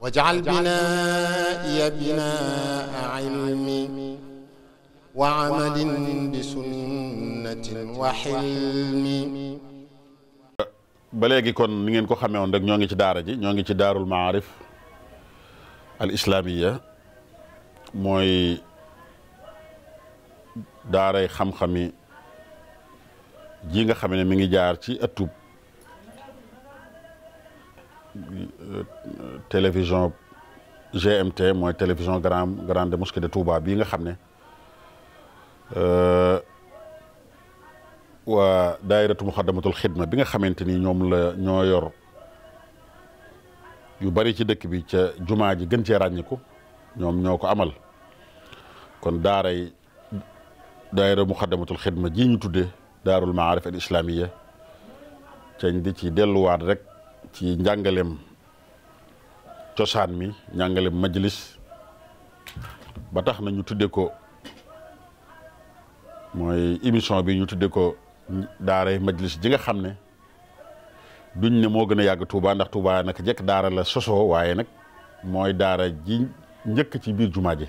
واجعل بنائي بناء علم وعمل بسنة وحلم ba léegi kon ni ngeen ko xamee woon rek ñoo ngi ci daara ji ñoo ngi ci daarul maarif al islaamiya mooy daaray xam-xami ji nga xam ne mi ngi jaar ci ëttub télévision GMT mooy télévision grand grande mosquée de Touba bii nga xam ne euh, waa daayiratu muxaddamatul xidma bi nga xamante ni ñoom la ñoo yor yu bari ci dëkk bi ca jumaa ji gën cee ràññiku ñoom ñoo ko amal kon daaray daayira muxaddamatul xidma ji ñu tuddee daarul maarif al islamiyya cañ di ci delluwaat rek ci njàngaleem cosaan mi njàngaleem majlis ba tax na ñu tudde ko mooy émission bi ñu tudde ko daaray majlis ji nga xam ne duñ ne moo gën a yàgg Touba ndax Touba nag jekk daara la sosoo waaye nag mooy daara ji njëkk ci biir jumaa ji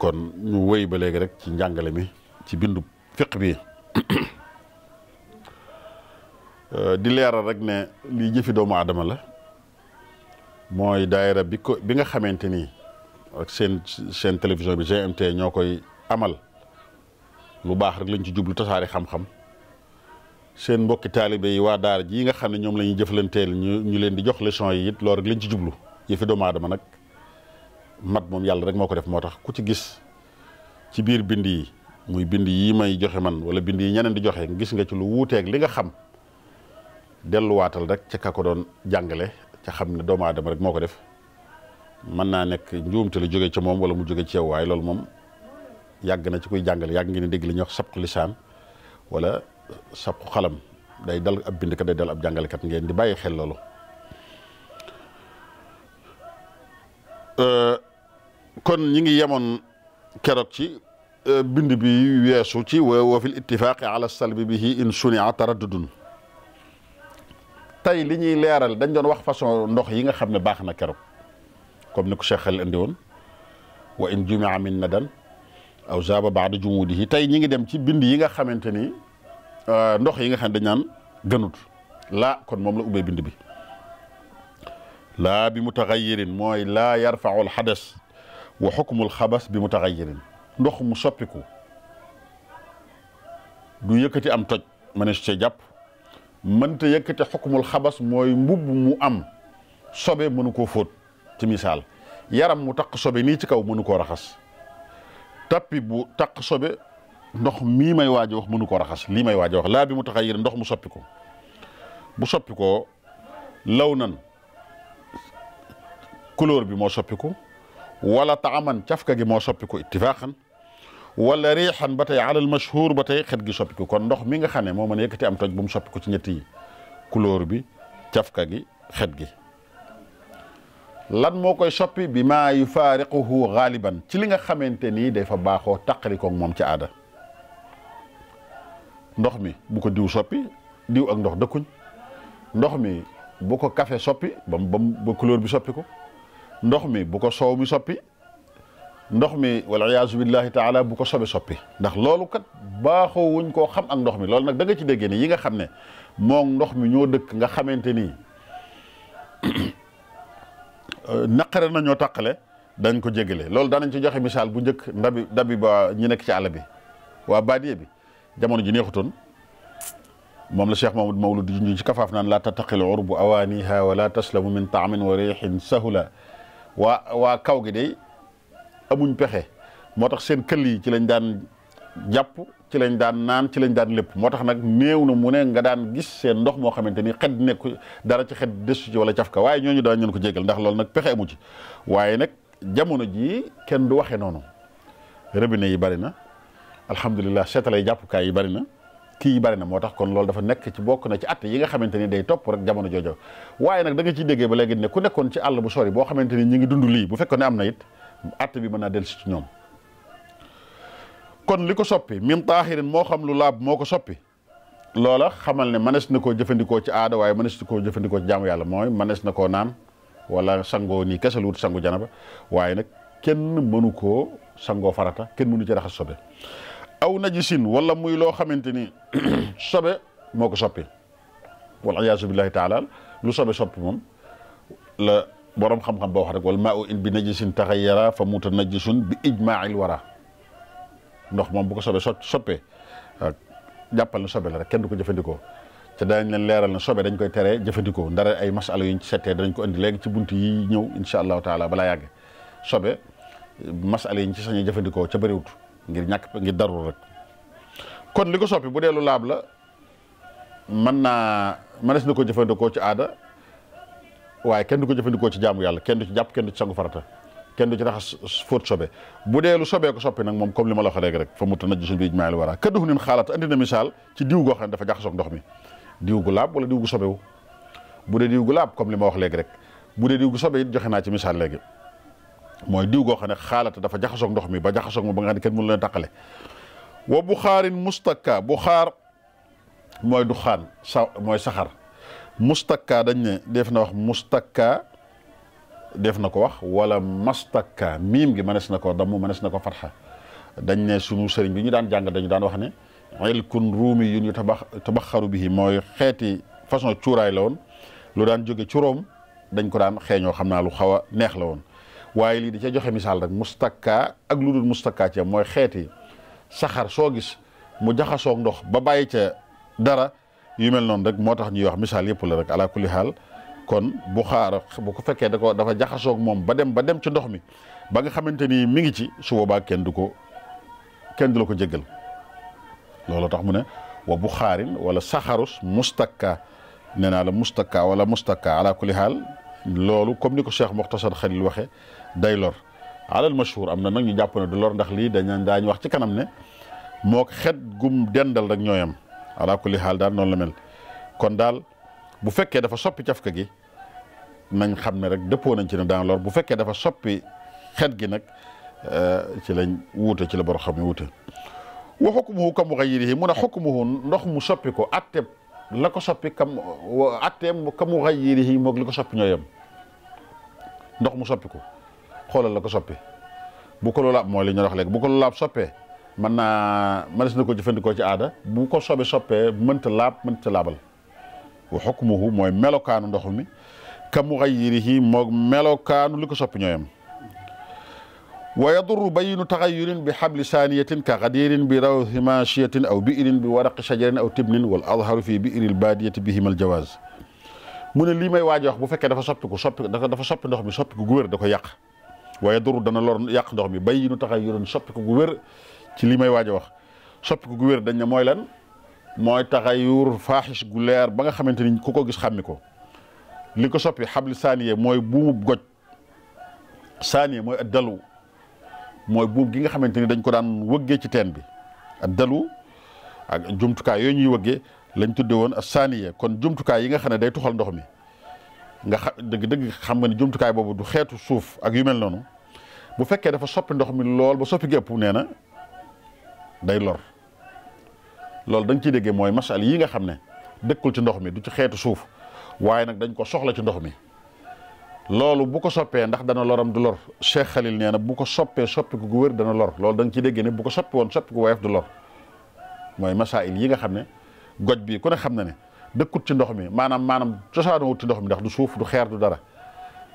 kon ñu wéy ba léegi rek ci njàngale mi ci bindu fiq bi Euh, di leeral rek ne lii jëfi doomu aadama la mooy daayira bi ko bi nga xamante ni ak seen seen télévision bi GMT ñoo koy amal lu baax rek lañ ci jublu tasaari xam-xam seen mbokki taalibe yi waa daara ji nga xam ne ñoom la ñuy jëflanteel ñu ñu leen di jox leçon yi it loolu rek lañ ci jublu yëfi doomu aadama nag mat moom yàlla rek moo ko def moo tax ku ci gis ci biir bind yi muy bind yii may joxe man wala bind yi ñeneen di joxe gis nga ci lu wuuteeg li nga xam. delluwaatal rek ca ka ko doon jàngale ca xam ne doomu aadama rek moo ko def mën naa nekk njuumte lu jóge ci moom wala mu jóge ci yow waaye loolu moom yàgg na ci koy jàngale yàgg ngeen dégg li ñuy wax sabqu lisaan wala sabqu xalam day dal ab bindkat day dal ab jàngalekat ngeen di bàyyi xel loolu. kon ñi ngi yemoon keroog ci bind bi weesu ci wa wa fil ittifaaqi ala salbi bihi in sunia taraddudun tey li ñuy leeral dañ doon wax façon ndox yi nga xam ne baax na keroog comme ni ko Cheikh al indi woon wa in jumia min baax aw zaba di jumudihi tey ñi ngi dem ci bind yi nga xamante ni euh, ndox yi nga xam ne dañ naan gënut laa kon moom la ubbee bind bi laa bi mutaxayirin mooy laa yarfau alxadas wa xukmul xabas bi mutaxayirin ndox mu soppiku du yëkkati am toj mënees cee jàpp te yëkkate xukmul xabas mooy mbubb mu am sobe mënu koo fóot ci misaal yaram mu taq sobe nii ci kaw mënu koo raxas tappi bu taq sobe ndox mii may waaj wax mënu koo raxas lii may waaj a wax bi mu tax a yére ndox mu soppi ko bu soppi law nan couleur bi moo soppiku wala taaman cafka gi moo soppiku ittifaaxan wala riixan ba tey alal mashhur ba tey xet gi soppiku kon ndox mi nga xam ne moo mën a yëkkati am toj bu mu soppiku ci ñett yi couleur bi cafka gi xet gi lan moo koy soppi bi maa yufaariquhu xaaliban ci li nga xamante nii dafa baaxoo taqalikoog moom ci aada ndox mi bu ko diw soppi diw ak ndox dëkkuñ ndox mi bu ko kafe soppi ba couleur bi soppi ko ndox mi bu ko soow mi soppi ndox mi wala iyaazu billahi taala bu ko sobe soppi ndax loolu kat baaxoo wuñ koo xam ak ndox mi loolu nag da ci déggee ni yi nga xam ne moom ndox mi ñoo dëkk nga xamante ni naqare nañoo taqale dañ ko jégale loolu danañ ci joxe misaal bu njëkk ndabi ndabi ba ñi nekk ci àll bi waa baadiye bi jamono ji neexutoon moom la Cheikh Mamadou Mawlud di ci kafaaf naan laa tattaqil urbu awaaniha wala taslamu min taamin wa riixin sahula waa waa kaw gi day amuñ pexe moo tax seen këll yi ci lañ daan jàpp ci lañ daan naan ci lañ daan lépp moo tax nag néew na mu ne nga daan gis seen ndox moo xamante ni xet nekk dara ci xet desu ci wala cafka waaye ñooñu daan ñun ko jégal ndax loolu nag pexe amu ci waaye nag jamono jii kenn du waxee noonu robinet yi bari na alhamdulilah seetalay jàppukaay yi bari na kii yi bari na moo tax kon loolu dafa nekk ci bokk na ci at yi nga xamante ni day topp rek jamono joojo waaye nag da nga ciy déggee ba léegi ne ku nekkoon ci àll bu sori boo xamante ni ñu ngi dund lii bu fekkoon ne am na àtte bi mën naa dellu si ci ñoom kon li ko soppi min taaxirin moo xam lu laab moo ko soppi loola xamal ne mënees na koo jëfandikoo ci aada waaye mënees na ko jëfandikoo ci jaamu yàlla mooy mënees na koo naan wala sangoo nii kese lu wut sangu janaba waaye nag kenn mënu koo sangoo farata kenn mënu ci raxas sobe aw najisin wala muy loo xamante ni sobe moo ko soppi wal iyaasu billahi taala lu sobe sopp moom borom xam-xam ba wax rek wal maau in bi najisin taxayyara fa muta najisun bi ijmail wara ndox moom bu ko sobee so soppee ah, jàppal na sobe la rek kenn du ko jëfandikoo te danañ leen leeral na sobe dañ koy teree jëfandikoo ndara ay masala yuñ settee danañ ko indi léegi ci bunt yi ñëw incha allahu taala balaa yàgg sobe masala yiñ ci sañee jëfandikoo ca bëriwut ngir ñàkk ngir darul rek kon li ko soppi bu dee lu laab la mën naa mënees na ko jëfandikoo ci aada waaye kenn du ko jëfandikoo ci jaamu yàlla kenn du ci jàpp kenn du ci sangu farata kenn du ci raxas fóot sobe bu dee sobee ko soppi moom comme li ma la wax léegi rek fa mu tënaj suñ bi ijmaayil wara xam ne dafa jaxasoog ndox mi diw gu laab wala diw gu bu diw gu laab comme li ma wax léegi rek bu dee diw gu sobe joxe naa ci misaal léegi mooy diw goo xam ne xaalata dafa jaxasoog ndox mi ba jaxasoog ma ba nga xam ne kenn mënu leen tàqale wa buxaarin mustaka buxaar mooy duxaan sa mooy saxaar mustakka dañ ne def na wax mustakka def na ko wax wala mastakka miim gi mënees na ko damm mënees na ko fatxa dañ ne sunu sëriñ bi ñu daan jàng dañu daan wax ne ilkun ruumi yu ñu tabax tabaxaru bi mooy xeeti façon cuuraay la woon lu daan jóge ci Room dañ ko daan xeeñoo xam naa lu xaw a neex la woon waaye lii di ca joxe misaal rek mustakka ak lu dul mustakka ci mooy xeeti saxaar soo gis mu jaxasoog ndox ba bàyyi ca dara yu mel noonu rek moo tax ñuy wax misaal yëpp la rek ala xaal kon bu xaar bu ko fekkee da ko dafa jaxasoog moom ba dem ba dem ci ndox mi ba nga xamante ni mi ngi ci su boobaa kenn du ko kenn du la ko jéggal loolu tax mu ne wa bu xaarin wala saxarus mustakka nee naa la mustakka wala mustakka ala xaal loolu comme ni ko seex Cheikh Moxtasar Xalil waxe day lor alal mashhur am na nag ñu jàpp ne du lor ndax lii dañ daañu wax ci kanam ne mook xet gum dendal rek ñooyam ala kulli xaal daal noonu la mel kon daal bu fekkee dafa soppi cafka gi nañ xam ne rek dëppoo nañ ci ne daan lor bu fekkee dafa soppi xet gi nag euh, ci lañ wuute ci la boro xam ne wuute wa xukmuhu ka muxayirihi mun a xukmuhu ndox mu soppi ko atteb la ko soppi kam atteem ka muxayirihi moog li ko soppi ñoo yem ndox mu soppi ko xoolal la ko soppi bu ko loolaab mooy li ñu wax léegi bu ko loolaab soppee mën naa mënees na ko jëfandikoo ci aada bu ko sobe soppee mënta laab mënta laabal wa xukmuhu mooy melokaanu ndox mi ka muxayirihi moo melokaanu li ko soppi ñooyam wa yadurru bayinu taxayurin bi xabli saaniyatin ka xadirin bi rawhi maashiyatin aw biirin bi waraqi shajarin aw tibnin wal azharu fi biiril baadiyati bihimal jawaaz mu ne lii may waaj wax bu fekkee dafa soppiku soppi dafa soppi ndox mi soppiku gu wér da ko yàq wa duru dana lor yàq ndox mi bayinu taxayurin soppiku gu wér ci lii may waaj wax wax soppiku gu wér dañ ne mooy lan mooy taxayur faaxis gu leer ba nga xamante ni ku ko gis xam xàmmi ko li ko soppi xabli saaniye mooy buumub goj saaniye mooy addalu mooy buum gi nga xamante ni dañ ko daan wëggee ci teen bi addalu ak jumtukaay yooyu ñuy wëggee lañ tudde woon ak saaniye kon jumtukaay yi nga xam ne day tuxal ndox mi nga xa dëgg-dëgg xam nga ne jumtukaay boobu du xeetu suuf ak yu mel noonu bu fekkee dafa soppi ndox mi lool ba soppi gépp nee na day lor loolu dañ ciy déggee mooy masal yi nga xam ne dëkkul ci ndox mi du ci xeetu suuf waaye nag dañ ko soxla ci ndox mi loolu bu ko soppee ndax dana loram du lor Cheikh Khalil nee na bu ko soppee soppiku ku wér dana lor loolu da nga ciy déggee ne bu ko soppi woon ku woyof du lor mooy masail yi nga xam ne goj bi ku ne xam na ne dëkkul ci ndox mi maanaam maanaam cosaanowut ci ndox mi ndax du suuf du xeer du dara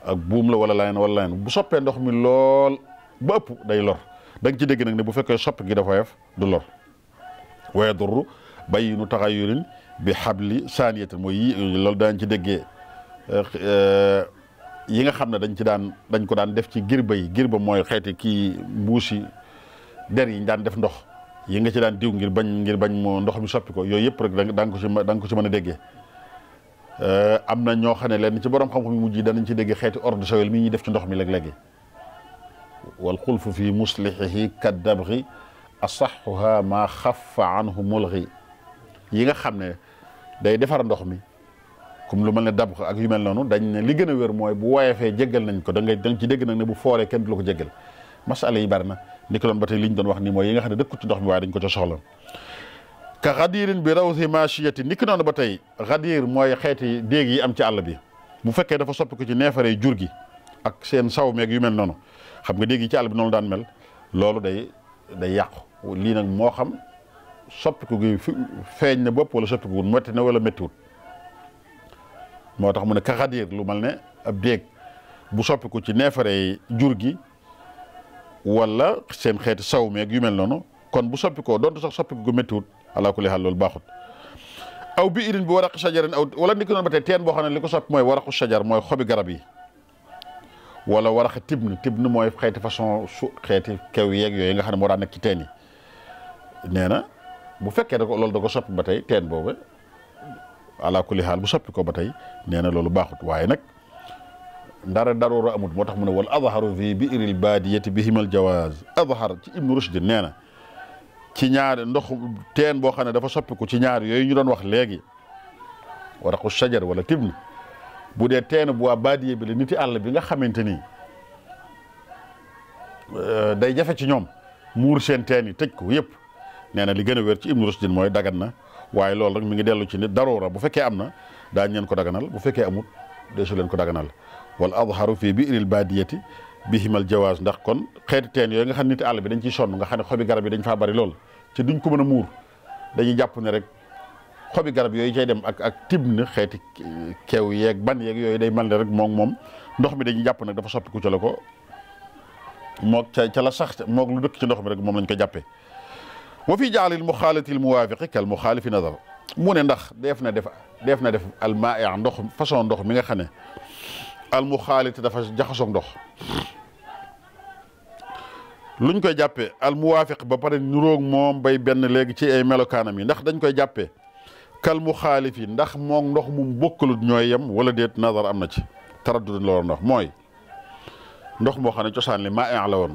ak buum la wala leneen wala leneen bu soppee ndox mi lool ba ëpp day lor da ci dégg nag ne bu fekkee sopp gi dafa woyof du lor waaye durru bayinu taxayurin bi xabli saaniyatin mooy yi loolu daañ ci déggee eh, yi nga xam ne dañ ci daan dañ ko daan def ci girba yi girba mooy xeeti kii mbuusi der yi ñu daan def ndox yi nga ci daan diw ngir bañ ngir bañ moo ndox mi soppi ko yooy yëpp rek da nga ko ci da nga ko ci mën a déggee eh, am na ñoo xam ne leen ci borom xam-xam yu mujj yi danañ ci dégg xeeti ordre de mi ñuy def ci ndox mi léeg-léegi walxulfu fi muslihihi kaddabri asaxuha ma fa xaffa anhu mulxi yi nga xam ne day defar ndox mi comme lu mel ne dab ak yu mel noonu dañ ne li gën a mooy bu woyefee jéggal nañ ko da ngay da ci dégg nag ne bu fooree kenn du la ko jéggal masala yi bari na ni ba tey li ñu doon wax ni mooy yi nga xam ne dëkku ci ndox mi waaye dañ ko ca soxla ka xadirin bi rawsi machiyati ni ki noonu ba tey xadir mooy xeeti déeg yi am ci àll bi bu fekkee dafa soppi ko ci neefare jur gi ak seen saw meeg yu mel noonu xam nga dégg ci àll bi noonu daan mel loolu day day yàqu lii nag moo xam soppiku gi feeñ na bopp wala soppiku metti na walla méttiwut moo tax mu ne kaxadiir lu mel ne ab déeg bu soppiku ci neefare jur gi wala seen xeeti saw meeg yu mel noonu kon bu soppikoo doonte sax soppiku gu méttiwut alaa kulli xaal loolu baaxut aw bi irin bi waraqi sajarin aw wala ni boo xam ne li ko soppi mooy waraqu sajar mooy xobi garab yi wala war axa tib n mooy xeeti façon su xeeti kew yeeg yooyu nga xam ne moo daan nekk ci teen yi nee na bu fekkee da ko loolu da soppi ba tey teen boobu ala kulli xaal bu soppi ko ba tey nee na loolu baaxut waaye nag ndara daroora amut moo tax mu ne wala wal azharu fi biiril bi bihimal jawaaz azhar ci ibnu rushd nee na ci ñaar ndox teen boo xam ne dafa soppiku ci ñaar yooyu ñu doon wax léegi waraqu shajar wala tibn bu dee teenu bu waa baadiye bi la niti àll bi nga xamante ni euh, day jafe ci ñoom muur seen teen yi tëj ko yëpp nee na li gën a wér ci Ibnu Rushdin mooy dagan na waaye loolu rek mi ngi dellu ci nit daruura bu fekkee am na daañu leen ko daganal bu fekkee amut deesu leen ko daganal wal adharu fii bi'ril baadiyati bihimal jawaaz ndax kon xeeti teen yooyu nga xam nit àll bi dañ ciy sonn nga xam ne xobi garab yi dañ faa bari lool ci duñ ko mën a muur dañuy jàpp ne rek. xobi garab yooyu cay dem ak ak tib na xeeti keew yeeg ban yeeg yooyu day mel ne rek moom moom ndox mi dañuy jàpp na dafa soppiku ca la ko moog ca ca la sax moog lu ci ndox mi rek moom lañ ko jàppee wa fi jaalil muxaalatil muwaafiqi kal muxaalifi nadar mu ne ndax def na def def na def almaa ndox façon ndox mi nga xam ne al muxaaliti dafa jaxasoog ndox luñ koy jàppee al muwaafiq ba pare nuróog moom bay benn léegi ci ay melokaanam yi ndax dañ koy jàppe kal mu xaalif yi ndax moom ndox mu bokkalut ñooy yem wala déet nazar am na ci taraddud la woon ndox mooy ndox moo xam ne cosaan li maa la woon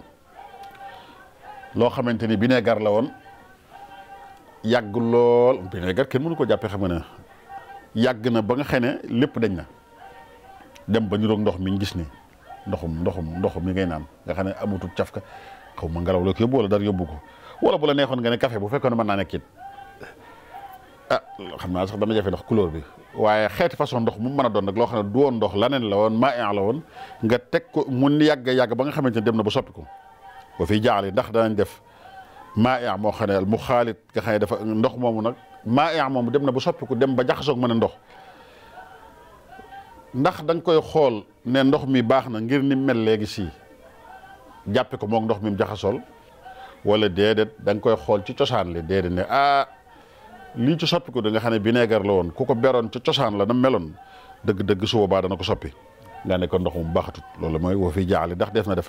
loo xamante ni bineegar la woon yàgg lool bineegar kenn mënu ko jàppee xam nga ne yàgg na ba nga xëy ne lépp dañ na dem ba niroog ndox mi ñu gis ni ndoxum ndoxum ndoxum mi ngay naan nga xam ne amatul cafka xaw ma ngelaw la ko yóbbu dara yóbbu ko wala bu la neexoon nga ne kafe bu fekkoon mën naa nekk it ah xam naa sax dana jafe ndax couleur bi waaye xeeti façon ndox mu mën a doon nag loo xam ne du woon ndox laneen la woon maa la woon nga teg ko mun yàgg yàgg ba nga xamante ne dem na ba soppi ko ba fiy jaxal ndax danañ def maa moo xam ne mu xaalit nga xam ne dafa ndox moomu nag maa moomu dem na ba soppi dem ba jaxasoog ma ne ndox ndax da koy xool ne ndox mi baax na ngir ni mel léegi si jàppe ko ndox mi mu jaxasool wala déedéet da nga lii ci soppiku da nga xam ne vinaigre la woon ku ko beroon ca cosaan la na meloon dëgg-dëgg su boobaa dana ko soppi nga ne ko ndox mu baaxatut loolu mooy woo fi jaali ndax def na def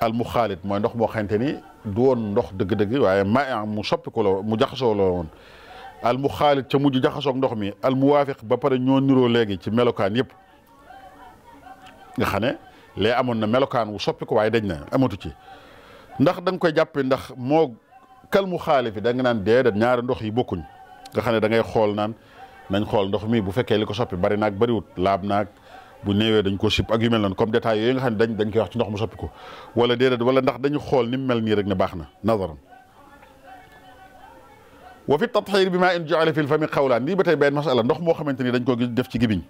al mu xaalit mooy ndox moo xamante ni du woon ndox dëgg-dëgg waaye ma mu soppiku mu jaxasoo la mu xaalit ca mujj jaxasoog ndox mi al mu waafiq ba pare ñoo niroo léegi ci melokaan yëpp nga xam ne lee amoon na melokaan wu soppi ko waaye dañ na amatu ci ndax da koy jàppe ndax moo kal mu xaali fi nga naan déedéet ñaari ndox yi bokkuñ nga xam ne da ngay xool naan nañ xool ndox mi bu fekkee li ko soppi bari naag bariwut laab naag bu néewee dañ ko sip ak yu mel noonu comme détails yooyu nga xam ne dañ dañ koy wax ci ndox mu soppi ko wala déedéet wala ndax dañu xool ni mu mel nii rek ne baax na nazaran wa fi tatxiir bi maa in jaala fi lfami xawlaan lii ba tey benn masala ndox moo xamante ni dañ ko def ci gibiñ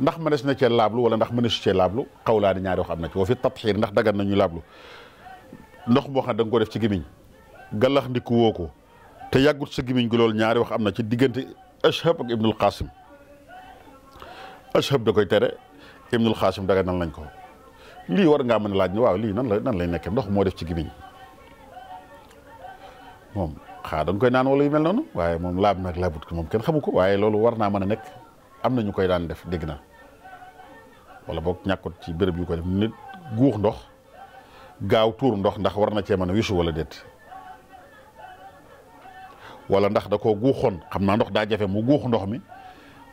ndax mënees na cee laablu wala ndax mënees cee laablu xawlaani ñaari wax am na ci wa fi tatxiir ndax dagan nañu laablu ndox moo xam ne da nga ko def ci gibiñ gàllax ndiku woo ko te yàggut sa gimiñ gi loolu ñaari wax am na ci diggante ashab ak ibnul xaasim ashab da koy tere ibnul xaasim daga nan lañ ko lii war ngaa mën a laaj ne waaw lii nan la nan lay nekkee ndox moo def ci gimiñ moom xaa dañ koy naan wala yu mel noonu waaye moom laab nag laabut ko moom kenn xamu ko waaye loolu war naa mën a nekk am na ñu koy daan def dégg na wala boog ñàkkut ci béréb yu ko def nit guux ndox gaaw tuur ndox ndax war na cee mën na wisu wala déet wala ndax da ko guuxoon xam naa ndox daa jafe mu guux ndox mi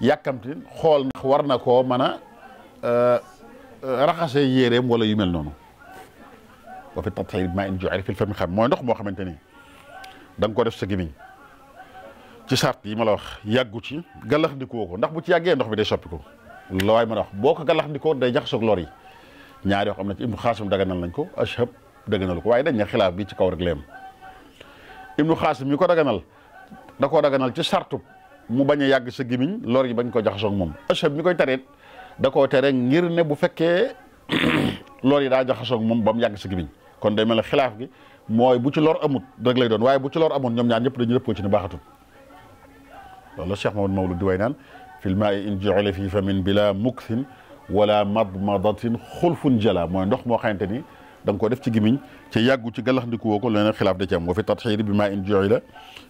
yàkkamti xool ndax war na koo mën a euh, raxase yéeréem wala yu mel noonu boo fi maa indi joxe fil xam mooy ndox moo xamante ni da nga ko def sa gémmiñ ci sart yi ma la wax yàggu ci gàllaxndikoo ko ndax bu ci yàggee ndox bi day soppi ko la ma mën a wax boo ko gàllaxndikoo day jaxasoog lor yi ñaari yoo am na ci ibnu xaasim daganal nañ ko ashab daganal ko waaye dañ ne xilaaf bi ci kaw rek leem ibnu xaasim mi ko daganal da koo daganal ci sartu mu bañ yàgg sa gimiñ lor yi bañ ko jaxasoog moom ashab mi koy tareet da koo tere ngir ne bu fekkee lor yi daa jaxasoog moom ba yàgg sa gimiñ kon day mel ne xilaaf gi mooy bu ci lor amut rek lay doon waaye bu ci lor amut ñoom ñaar ñëpp dañu dëppoo ci ne baaxatul loolu la Cheikh Mamadou Mawlud di way naan fil i in ju'ila fii famin bila mukthin wala madmadatin xulfun jala mooy ndox moo xamante ni da nga ko def ci gimiñ ci yàggu ci galaxndiku woo ko leneen xilaaf da ci am wa bi maa in joxi la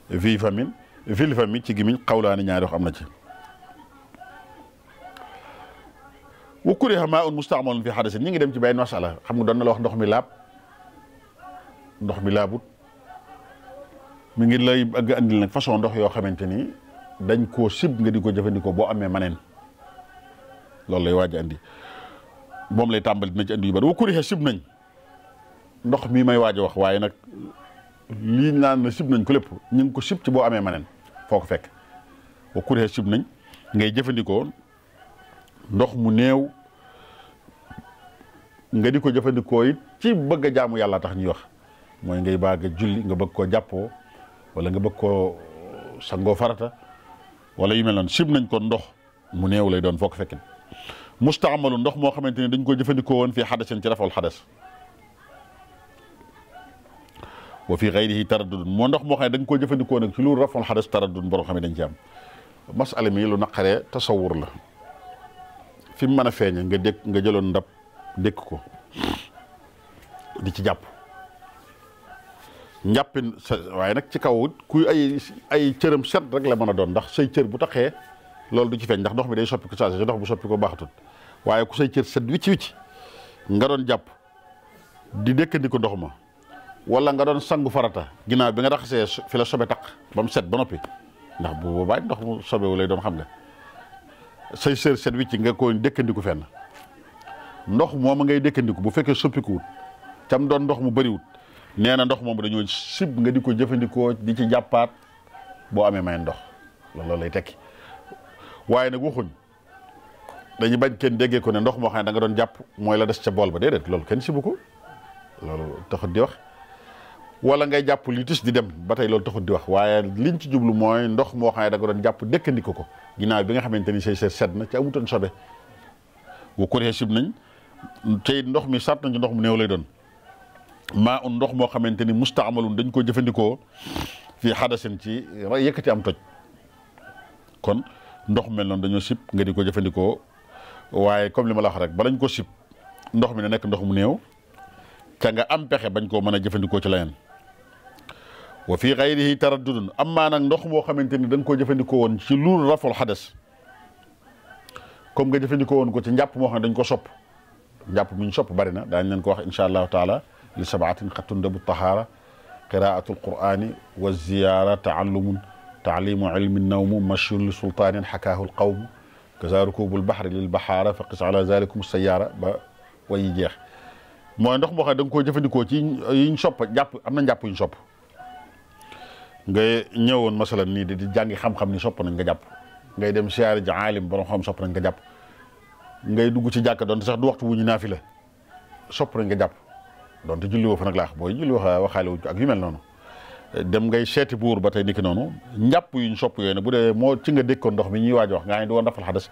vi famine vil mi ci gimiñ xawlaani ñaari wax am na ci wa kuriha maa un mustaamalun fi se ñi ngi dem ci benn masala xam nga doon na la wax ndox mi laab ndox mi laabut mi ngi lay bëgg andil nag façon ndox yoo xamante ni dañ ko sib nga di ko jëfandikoo boo amee maneen loolu lay waaj andi moom lay tàmbali dina ci andi yu bari wa kuriha nañ ndox mii may waaj a wax waaye nag lii naan na sib nañ ko lépp ñu ngi ko sib ci boo amee maneen foo ko fekk boo kuree sib nañ ngay jëfandikoo ndox mu néew nga di ko jëfandikoo it ci bëgg a jaamu yàlla tax ñuy wax mooy ngay baag a nga bëgg koo jàppoo wala nga bëgg koo sangoo farata wala yu mel noonu sib nañ ko ndox mu néew lay doon foo ko fekkin mustaamalu ndox moo xamante ne dañ ko jëfandikoo woon fii xadasen ci rafal xades wa fi xayrihi taraddud moo ndox moo xam ne da nga koo jëfandikoo nag ci lu rafetlu xadas a borom xam ne dañ ci am masala mi lu naqaree tasawur la fi mu mën a feeñe nga dékk nga jëloon ndab dékk ko di ci jàpp njàppin sa waaye nag ci kaw kuy ay ay cëram set rek la mën a doon ndax say cër bu taxee loolu du ci feeñ ndax ndox mi day soppi ko saa si ndox bu soppi ko baaxatul waaye ku say cër set wicci wicci nga doon jàpp di dékkandi ko ndox ma wala nga doon sangu farata ginnaaw bi nga dax raxasee fi la sobe taq ba mu set ba noppi ndax bu boobaa ndox mu sobe wu lay doon xam ne say sër set wi ci nga ko dëkkandiku fenn ndox moom ngay dëkkandiku bu fekkee soppikuwut tam doon ndox mu bëriwut nee na ndox moom dañoo sib nga di ko jëfandikoo di ci jàppaat boo amee may ndox loolu lay tekki waaye nag waxuñ dañu bañ kenn déggee ko ne ndox moo xam ne da nga doon jàpp mooy la des ca bool ba déedéet loolu kenn sibu ko loolu taxut di wax wala ngay jàpp li tis di dem ba tey loolu taxut di wax waaye liñ ci jublu mooy ndox moo xam ne da nga doon jàpp dëkkandiku ko ginnaaw bi nga xamante ni say seet sedd na ci amutoon sobe bu nañ tey ndox mi sart nañ ndox mu néew lay doon maa un ndox moo xamante ni mustaamalun dañ koo jëfandikoo fii xadasin ci yëkkati am toj kon ndox mel noonu dañoo sib nga di ko jëfandikoo waaye comme li ma la wax rek ba balañ ko sib ndox mi na nekk ndox mu néew te nga am pexe bañ koo mën a jëfandikoo ci leneen wa fii xayrihi taraddudun amma nag ndox moo xamante ni da nga ko jëfandikoo woon ci luul raful xades comme nga jëfandikoo woon ko ci njàpp moo xam ne dañ ko sopp njàpp mi ñu sopp bari na daañ leen ko wax incha allahu taala li sabaatin xattundabu tahaara qiraatu alqurani wa ziyara taallumun taalimu ilmi nawmu machun li sultaanin xakaahu alqawmu kaza rukubu lbaxri lilbaxaara fa qis ala zalikum sayyaara ba wayi jeex mooy ndox moo xam ne da nga koo jëfandikoo ci yiñ sopp jàpp am na njàpp yuñ sopp nga ñëwoon masalan nii di di jàngi xam-xam ni sopp nañ nga jàpp ngay dem siyaari ji ba borom xam sopp nañ nga jàpp ngay dugg ci jàkka doonte sax du waxtu wu ñu naafi la sopp nañ nga jàpp doonte julli woo fa nag laax booy julli wax waxaale wuñ ko ak yu mel noonu dem ngay seeti buur ba tey niki noonu njàpp yuñ sopp yooyu ne bu dee moo ci nga dékkoon ndox mi ñuy waaj wax ngaa ne di woon dafal xadas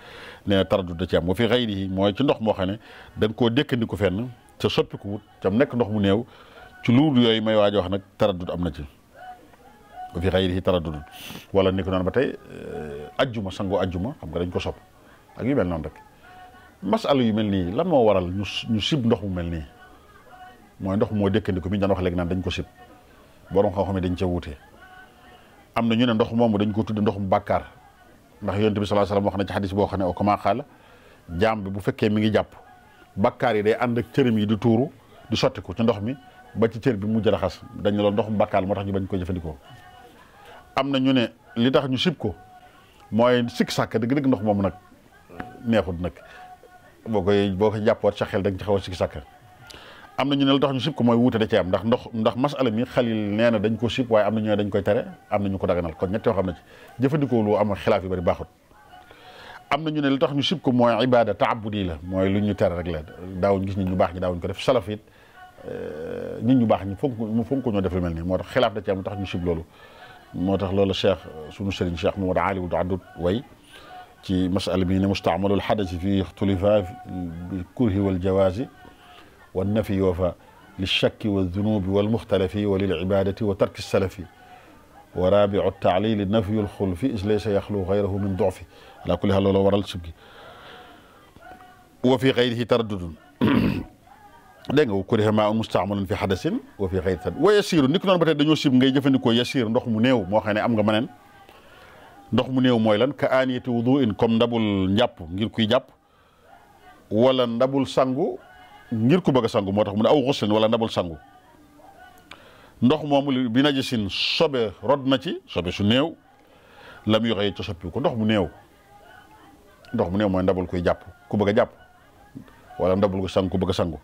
ne na taradud da ci am wa fi xayrihi mooy ci ndox moo xam ne da nga koo dékkandiku fenn ca soppiku wut cam ndox mu néew ci luur yooyu may waaj wax nag taradud am na ci wa fi xayrihi taraddudun wala ni ko noonu ba tey eh, ajjuma sangoo ajjuma xam nga dañ ko sopp ak yu mel noonu rek masala yu mel nii lan moo waral ñu ñu sib ndox mu mel nii mooy ndox moo dëkkandiku mi ñu daan dañ ko sib borom xam-xam yi dañ ca wuute am na ñu ne ndox moomu dañ ko tudde ndox mu bàkkaar ndax yonent bi sallallahu alayhi wasallam wax na ci xadis boo xam ne o kama xaala jaam bi bu fekkee mi ngi jàpp bàkkaar yi day ànd ak cërëm yi di tuuru di sotti ci ndox mi ba ci cër bi mu jël xas dañ ne loolu ndox mu bàkkaar moo tax ñu bañ ko jëfandikoo am na ñu ne li tax ñu sib ko mooy sikk sàkk dëgg-dëgg ndox moom nag neexut nag boo koy boo ko jàppoot sa xel da nga ci xaw a sikk sàkk am na ñu ne li tax ñu sib ko mooy wuute da ci am ndax ndox ndax masala mi nee na ko sib waaye am na ñu dañ koy tere am na ñu ko daganal kon ñett yoo xam ne ci jëfandikoo lu am xilaaf yu bari am na ñu ne li tax ñu sib ko mooy ibada taabudi la mooy lu ñu tere rek la daawuñ gis na ñu baax ñi daawuñ ko def salaf it eh, nit ñu baax ñi fonk mu def lu mel moo tax xilaaf da ci am tax ñu sib loolu moo tax loolu cheikh sunu sëriñ cheikh Mamadou Ali Ould Adud way ci masala bii ne mustaamalul xadasi fi ixtulifa bi kurhi wal jawaazi wa nafi wa fa li shakki wa dunubi wal muxtalafi wa lil ibadati wa tarki salafi wa raabiu taalili nafiyul xulfi is laysa yaxlu xayrahu min dufi ala kulli xaal loolu waral sibgi wa fi xayrihi taraddudun dégg nga kuriha maa un mustaamalan fi xadasin wa fi xayri ni ko noonu ba tey dañoo sib ndox mu néew moo xam ne am nga maneen mu néew mooy lan comme ndabul njàpp ngir kuy jàpp ndabul sangu ngir ku bëgg sangu moo tax mu ne wala ndabul sangu ndox moomu bi najisin sobe rod na ci sobe su néew lam yi ca soppi ko ndox mu néew ndox mu néew mooy ndabul kuy jàpp ku bëgg a jàpp wala ndabul ku sangu ku bëgg sangu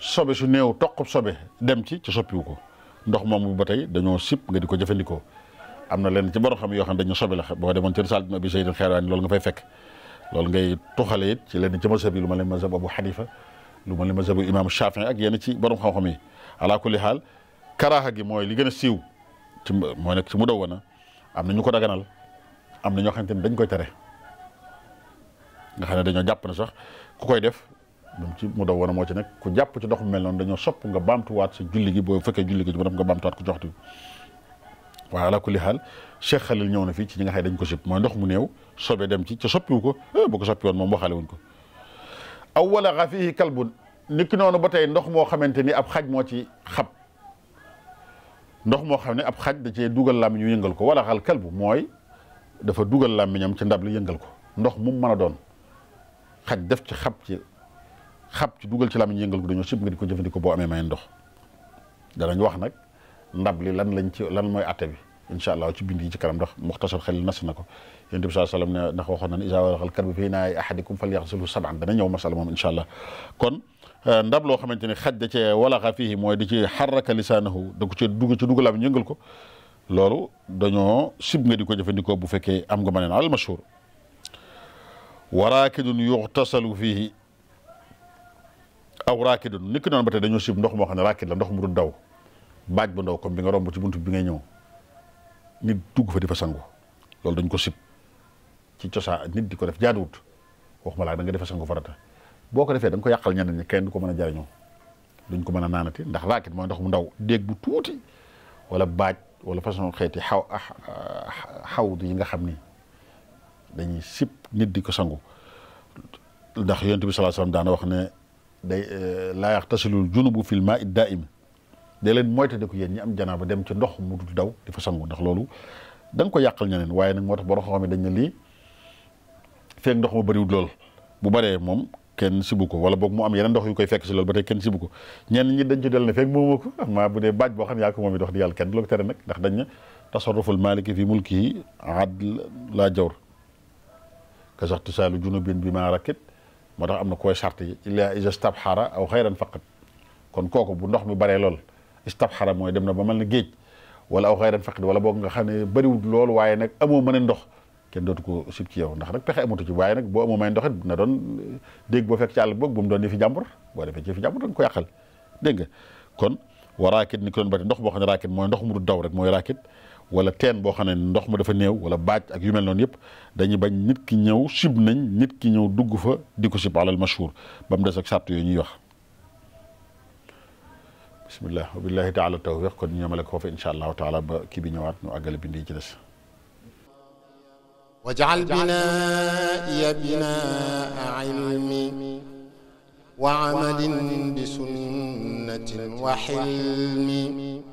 sobe su néew toq sobe dem ci ci soppiwu ko ndox moom ba tey dañoo sipp nga di ko jëfandikoo am na leen ci borom xam yoo xam dañu sobe la boo demoon ci risaal bi abi sayyidul xeeraan loolu nga fay fekk loolu ngay tuxale it ci leen ci mazhab yi lu ma leen mazhab abu xanifa lu ma leen mazhabu imam Shaafi'i ak yenn ci borom xam-xam yi ala kulli xaal karaaxa gi mooy li gën a siiw ci mooy nag ci mu daw na am na ñu ko daganal am na ñoo xamante ni dañ koy tere nga xam ne dañoo jàpp na sax ku koy def moom ci mu daw woon moo ci nekk ku jàpp ci dox mu mel noonu dañoo sopp nga baamtuwaat sa julli gi boo fekkee julli gi ba dem nga baamtuwaat ko joxtu waaye ala kulli xaal Cheikh Khalil ñëw na fii ci ñi nga xam dañ ko sib mooy ndox mu néew sobe dem ci ca soppiwu ko eh, bu ko soppi woon moom waxaale wuñ ko aw wala xafihi kalbun niki noonu ba tey ndox moo xamante ni ab xaj moo ci xab ndox moo xam ne ab xaj da cee dugal làmmiñ ñu yëngal ko wala xal kalbu mooy dafa dugal làmmiñam ci ndab li yëngal ko ndox mu mën a doon xaj def ci xab ci xab ci dugal ci làmmiñ yëngal ko dañoo sib nga di wax nag ndab li lan lañ ci lan mooy atte bi incha allah ci bind ci kanam ndax muxtasar xel nas na ko na ne isa walaxal karbi fii naay ahadikum falyaxsilhu sab'an dana ñëw masala moom incha allah euh, ndab loo xamante ni xaj da cee walaxa fii mooy di ci xarraka lisaanahu da ko ci dugg ci dugal làmmiñ yëngal ko loolu dañoo sib nga di ko jëfandikoo bu fekkee am nga ma neen al mashhur waraakidun yuxtasalu fii aw raakidun ni ki noonu ba tey dañoo sib ndox moo xam ne raakid la ndox mu du daw baaj bu ndaw comme bi nga romb ci buntu bi nga ñëw nit dugg fa di fa sangu loolu dañ ko sib ci cosaan nit di ko def jaaduwut waxuma laa da nga defa sangu farata boo ko defee da ko yàqal ñeneen ñi kenn du ko mën a jariñoo duñ ko mën a naanati ndax raakit mooy ndox mu ndaw déeg bu tuuti wala baaj wala façon xeeti xaw ah, xaw yi nga xam ni dañuy sib nit di ko sangu ndax yonent bi sallallahu alayhi wasallam daana wax ne day euh, laa yaxtasilul junubu fil maa id daa'im day leen moytandiku yéen ñi am janaaba dem ci ndox mu dul daw di fa sangu ndax loolu da nga ko yàqal ñeneen waaye nag moo tax borom xam ne dañ ne lii feeg ndox ma bëriwul lool bu bëree moom kenn sibu ko wala boog mu am yeneen ndox yu koy fekk si loolu ba te kenn sibu ko ñenn ñi dañ ci del ne feeg moomoo ko amaa bu dee baaj boo xam ne yaa ko moom it wax di yàlla kenn du la ko tere nag ndax dañ ne tasarruful maaliki fi mulkihi adl laa jawr kasaxtu saalu junubin bi maa rakit moo tax am na koy charte yi illa istabxara aw xayran faqat kon kooku bu ndox mi baree lool xara mooy dem na ba mel na géej wala aw xayran faqat wala boo nga xam ne bëriwul lool waaye nag amoo mën a ndox kenn dootu ko sib ci yow ndax nag pexe amatu ci waaye nag boo amoo may ndoxit na doon eh, dégg boo fekk ci àll boog bu mu doon yëfi jàmbur boo defee ci yëfi jàmbur da ko yàqal dégg kon wa raakit ni ko doon bari ndox ne raakit mooy ndox mu du daw rek mooy raakit wala teen boo xam ne ndox ma dafa néew wala baaj ak yu mel noonu yëpp dañuy bañ nit ki ñëw sib nit ki ñëw dugg fa di ko sib alal mashhur ba mu des yooyu ñuy wax bismillah wa billahi taala tawfiq kon ñoomale ko foofu insha allahu taala ba kii bi ñëwaat ñu àggale bindi ci des waj'al binaa'iya binaa'a ilmi wa amalin bi sunnatin wa hilmi